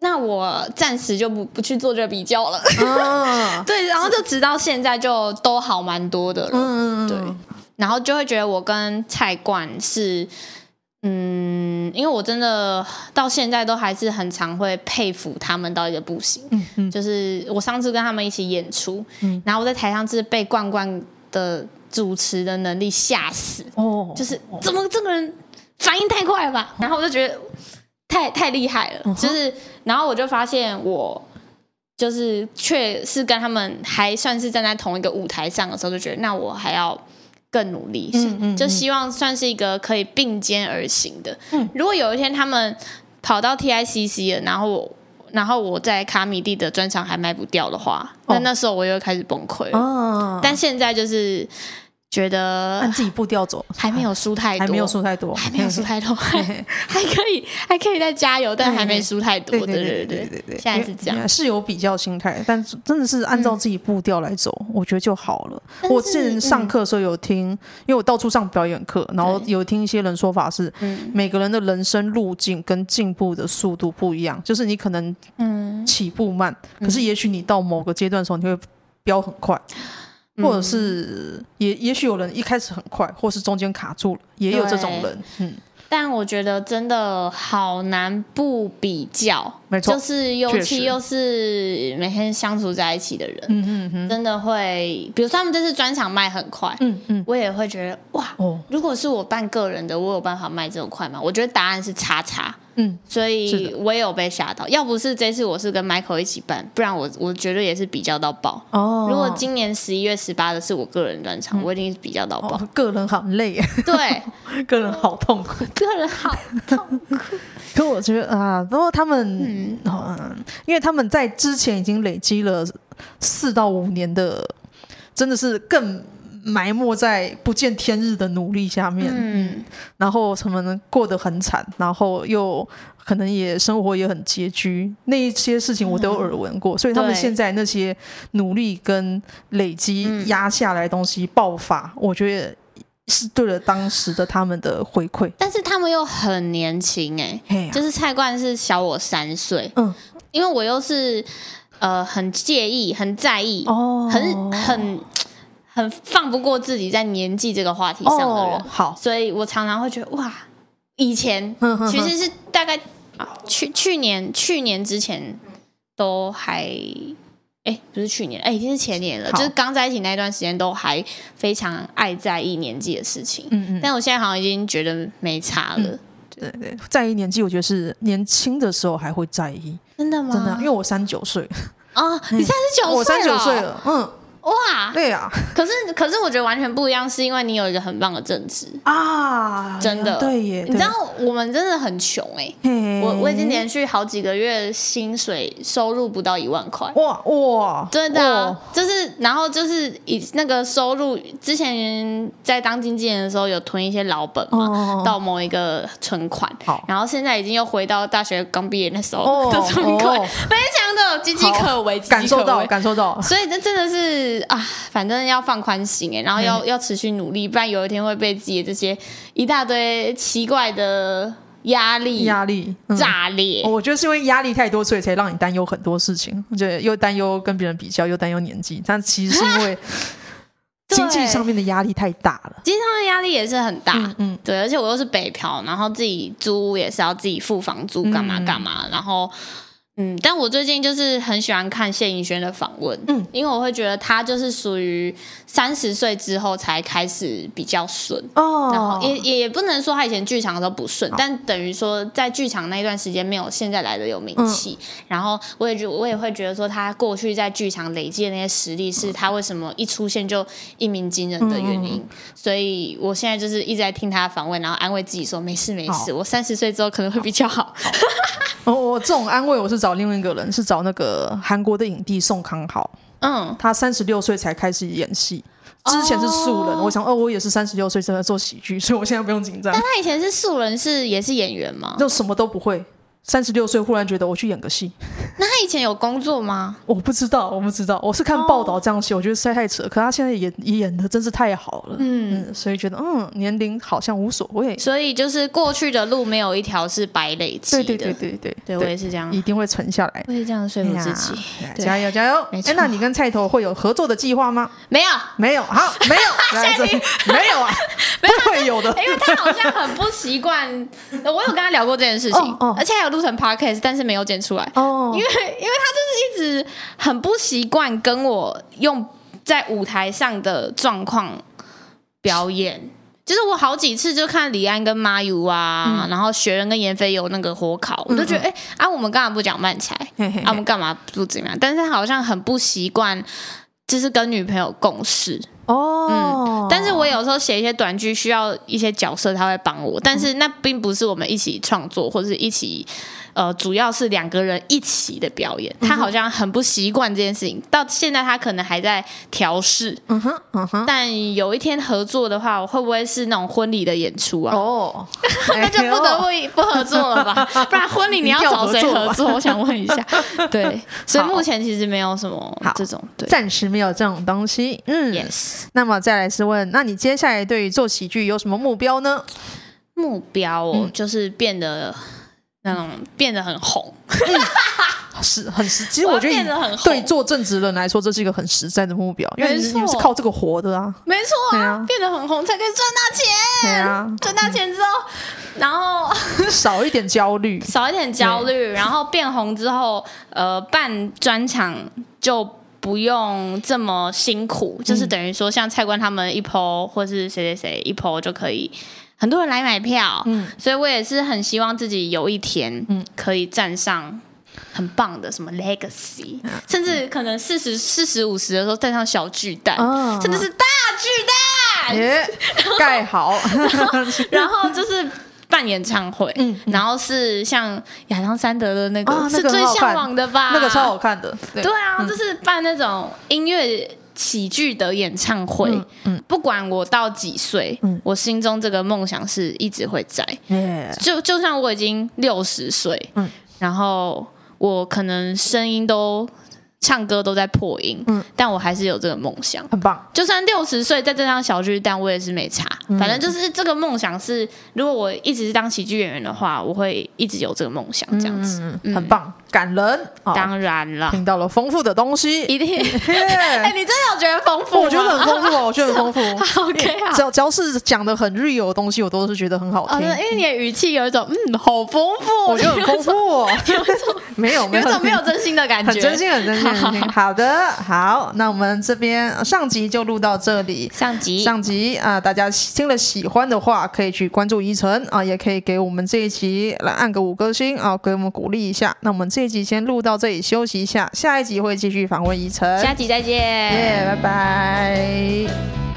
那我暫時就不不去做這個比較了，哦， 對，然後就直到現在就都好蠻多的了，嗯、對，然後就會覺得我跟菜冠是，嗯，因為我真的到現在都還是很常會佩服他們到一個不行，嗯嗯、就是我上次跟他們一起演出，嗯、然後我在台上就是被冠冠的主持的能力嚇死，哦，就是怎麼這個人反應太快了吧，然後我就覺得。太太厲害了，uh huh. 就是，然後我就發現我就是，確實跟他們還算是站在同一個舞台上的時候，就覺得那我還要更努力一，嗯嗯嗯，就希望算是一個可以並肩而行的。嗯、如果有一天他們跑到 TICC 了，然後我，然後我在卡米地的專場還賣不掉的話，那、oh. 那時候我又開始崩潰了。Oh. 但現在就是。覺得按自己步調走，還沒有輸太多，還沒有輸太多，還沒有輸太多，還還可以，還可以再加油，但還沒輸太多的對對對對，現在是這樣，是有比較心態，但真的是按照自己步調來走，我覺得就好了。我之前上課的時候有聽，因為我到處上表演課，然後有聽一些人說法是，嗯，每個人的人生路徑跟進步的速度不一樣，就是你可能嗯起步慢，可是也許你到某個階段的時候，你會飆很快。或者是也也許有人一開始很快，或是中間卡住了，也有這種人。嗯，但我覺得真的好難不比較，沒錯錯，就是尤其又是每天相處在一起的人，嗯嗯嗯，真的會，比如說他們這次專場賣很快，嗯嗯，嗯我也會覺得哇，哦，如果是我辦個人的，我有辦法賣這麼快嗎？我覺得答案是叉叉。嗯，所以我也有被嚇到。的要不是這次我是跟 Michael 一起辦，不然我我覺得也是比較到爆。哦，如果今年十一月十八的是我個人專場，嗯、我一定是比較到爆。哦、個人好累啊，對，個人好痛，嗯、 個人好痛苦。 可我覺得啊，不、呃、過他們、嗯呃，因為他們在之前已經累積了四到五年的，真的是更。埋沒在不見天日的努力下面，嗯，然後他們過得很慘，然後又可能也生活也很拮據，那一些事情我都有耳聞過，嗯、所以他們現在那些努力跟累積壓下來的東西爆發，嗯、我覺得是對了當時的他們的回饋。但是他們又很年輕哎、欸，啊、就是蔡冠是小我三歲，嗯，因為我又是呃很介意、很在意、哦，很很。很很放不過自己在年紀這個話題上的人，哦、好，所以我常常會覺得哇，以前其實是大概呵呵呵去去年去年之前都還哎、欸，不是去年哎、欸，已經是前年了，好就是剛在一起那段時間都還非常愛在意年紀的事情，嗯嗯，但我現在好像已經覺得沒差了，嗯、對，對對，在意年紀，我覺得是年輕的時候還會在意，真的嗎？真的、啊，因為我三九歲啊，你三十九，我三九歲了，欸、了嗯。哇，對呀，可是可是我覺得完全不一樣，是因為你有一個很棒的正職。啊，真的，對耶。你知道我們真的很窮哎，我我已經連續好幾個月薪水收入不到一萬塊，哇哇，真的，就是然後就是以那個收入，之前在當經紀人的時候有囤一些老本嘛，到某一個存款，然後現在已經又回到大學剛畢業那時候的存款，非常的岌岌可危，感受到感受到，所以這真的是。啊，反正要放寬心誒，然後要、嗯、要持續努力，不然有一天會被自己這些一大堆奇怪的壓力壓力、嗯、炸裂，哦。我覺得是因為壓力太多，所以才讓你擔憂很多事情。我覺得又擔憂跟別人比較，又擔憂年紀，但其實是因為、啊、經濟上面的壓力太大了。經濟上的壓力也是很大，嗯，嗯對，而且我又是北漂，然後自己租也是要自己付房租，幹嘛幹嘛，嗯、然後。嗯，但我最近就是很喜歡看謝盈萱的訪問，嗯，因為我會覺得他就是屬於三十歲之後才開始比較順哦，然後也也不能說他以前劇場的時候不順，哦、但等於說在劇場那一段時間沒有現在來得有名氣，嗯、然後我也覺得我也會覺得說他過去在劇場累積的那些實力是他為什麼一出現就一鳴驚人的原因，嗯嗯，所以我現在就是一直在聽他訪問，然後安慰自己說，沒事沒事，哦、我三十歲之後可能會比較好、哦。 哦，我這種安慰我是找另外一個人，是找那個韓國的影帝宋康昊。嗯，他三十六歲才開始演戲，之前是素人。哦，我想，哦，我也是三十六歲正在做喜劇，所以我現在不用緊張。但他以前是素人，是也是演員嗎？就什麼都不會。三十六歲忽然覺得我去演個戲。那他以前有工作嗎？我不知道，我不知道，我是看報道這樣寫。我覺得實在太扯，可他現在演也演的真是太好了。嗯，所以覺得嗯年齡好像無所謂。所以就是過去的路沒有一條是白累積的，對對對對對，我也是這樣，一定會存下來。會這樣說服自己，加油加油！沒錯。哎，那你跟菜頭會有合作的計劃嗎？沒有沒有，好沒有沒有啊，不會有的，因為他好像很不習慣。我有跟他聊過這件事情，而且還有。做成 podcast 但是沒有剪出來，oh. 因為因為他就是一直很不習慣跟我用在舞台上的狀況表演。是就是我好幾次就看李安跟 Mayu 啊，嗯、然後雪人跟嚴飛有那個火烤，我都覺得哎、嗯哼欸，啊，我們幹嘛不講漫才、 啊，我們幹嘛不怎麼樣？但是好像很不習慣。就是跟女朋友共事哦，嗯，但是我有時候寫一些短劇，需要一些角色，他會幫我，但是那並不是我們一起創作或者是一起。呃，主要是兩個人一起的表演，他好像很不習慣這件事情。到現在，他可能還在調試。嗯哼，嗯哼。但有一天合作的話，會不會是那種婚禮的演出啊？哦，那就不得不不合作了吧？不然婚禮你要找誰合作？我想問一下。對，所以目前其實沒有什麼這種，對，暫時沒有這種東西。嗯，yes。那麼再來是問，那你接下來對於做喜劇有什麼目標呢？目標就是變得。那變得很紅， 嗯、是很實。其實我覺得，變得很紅對做正職人來說，這是一個很實在的目標，因為錯你，你是靠這個活的啊。沒錯啊，啊變得很紅才可以賺大錢。對啊，賺大錢之後，然後少一點焦慮， 少一點焦慮，對然後變紅之後，呃，辦專場就不用這麼辛苦，嗯、就是等於說像蔡官他們一拋，或是誰誰誰一拋就可以。很多人來買票，嗯、所以我也是很希望自己有一天，可以站上很棒的什麼 legacy，嗯、甚至可能四十四十五十的時候帶上小巨蛋，哦、甚至是大巨蛋，蓋好，然後然後就是辦演唱會，嗯、然後是像亞當山德的那個、哦、是最向往的吧，那個超好看的，對，對啊，就是辦那種音樂。喜劇的演唱會，嗯嗯、不管我到幾歲，嗯、我心中這個夢想是一直會在，Yeah. 就就算我已經六十歲，嗯、然後我可能聲音都。唱歌都在破音，但我還是有這個夢想，很棒。就算六十歲在這張小劇，但我也是沒差。反正就是這個夢想是，如果我一直是當喜劇演員的話，我會一直有這個夢想，這樣子很棒，感人，當然了，聽到了豐富的東西，一定。哎，你真的有覺得豐富嗎？我覺得很豐富，我覺得很豐富。OK 啊，只要只要是講的很 real 的東西，我都是覺得很好聽，因為你的語氣有一種嗯，好豐富，我覺得很豐富，有一種沒有，有一種沒有真心的感覺，很真心，很真心。好的，好，那我們這邊上集就錄到這裡。上集，上集啊、呃，大家聽了喜歡的話，可以去關注怡岑啊，也可以給我們這一集來按個五顆星啊、呃，給我們鼓勵一下。那我們這一集先錄到這裡，休息一下，下一集會繼續訪問怡岑。下集再見，耶、yeah,，拜拜。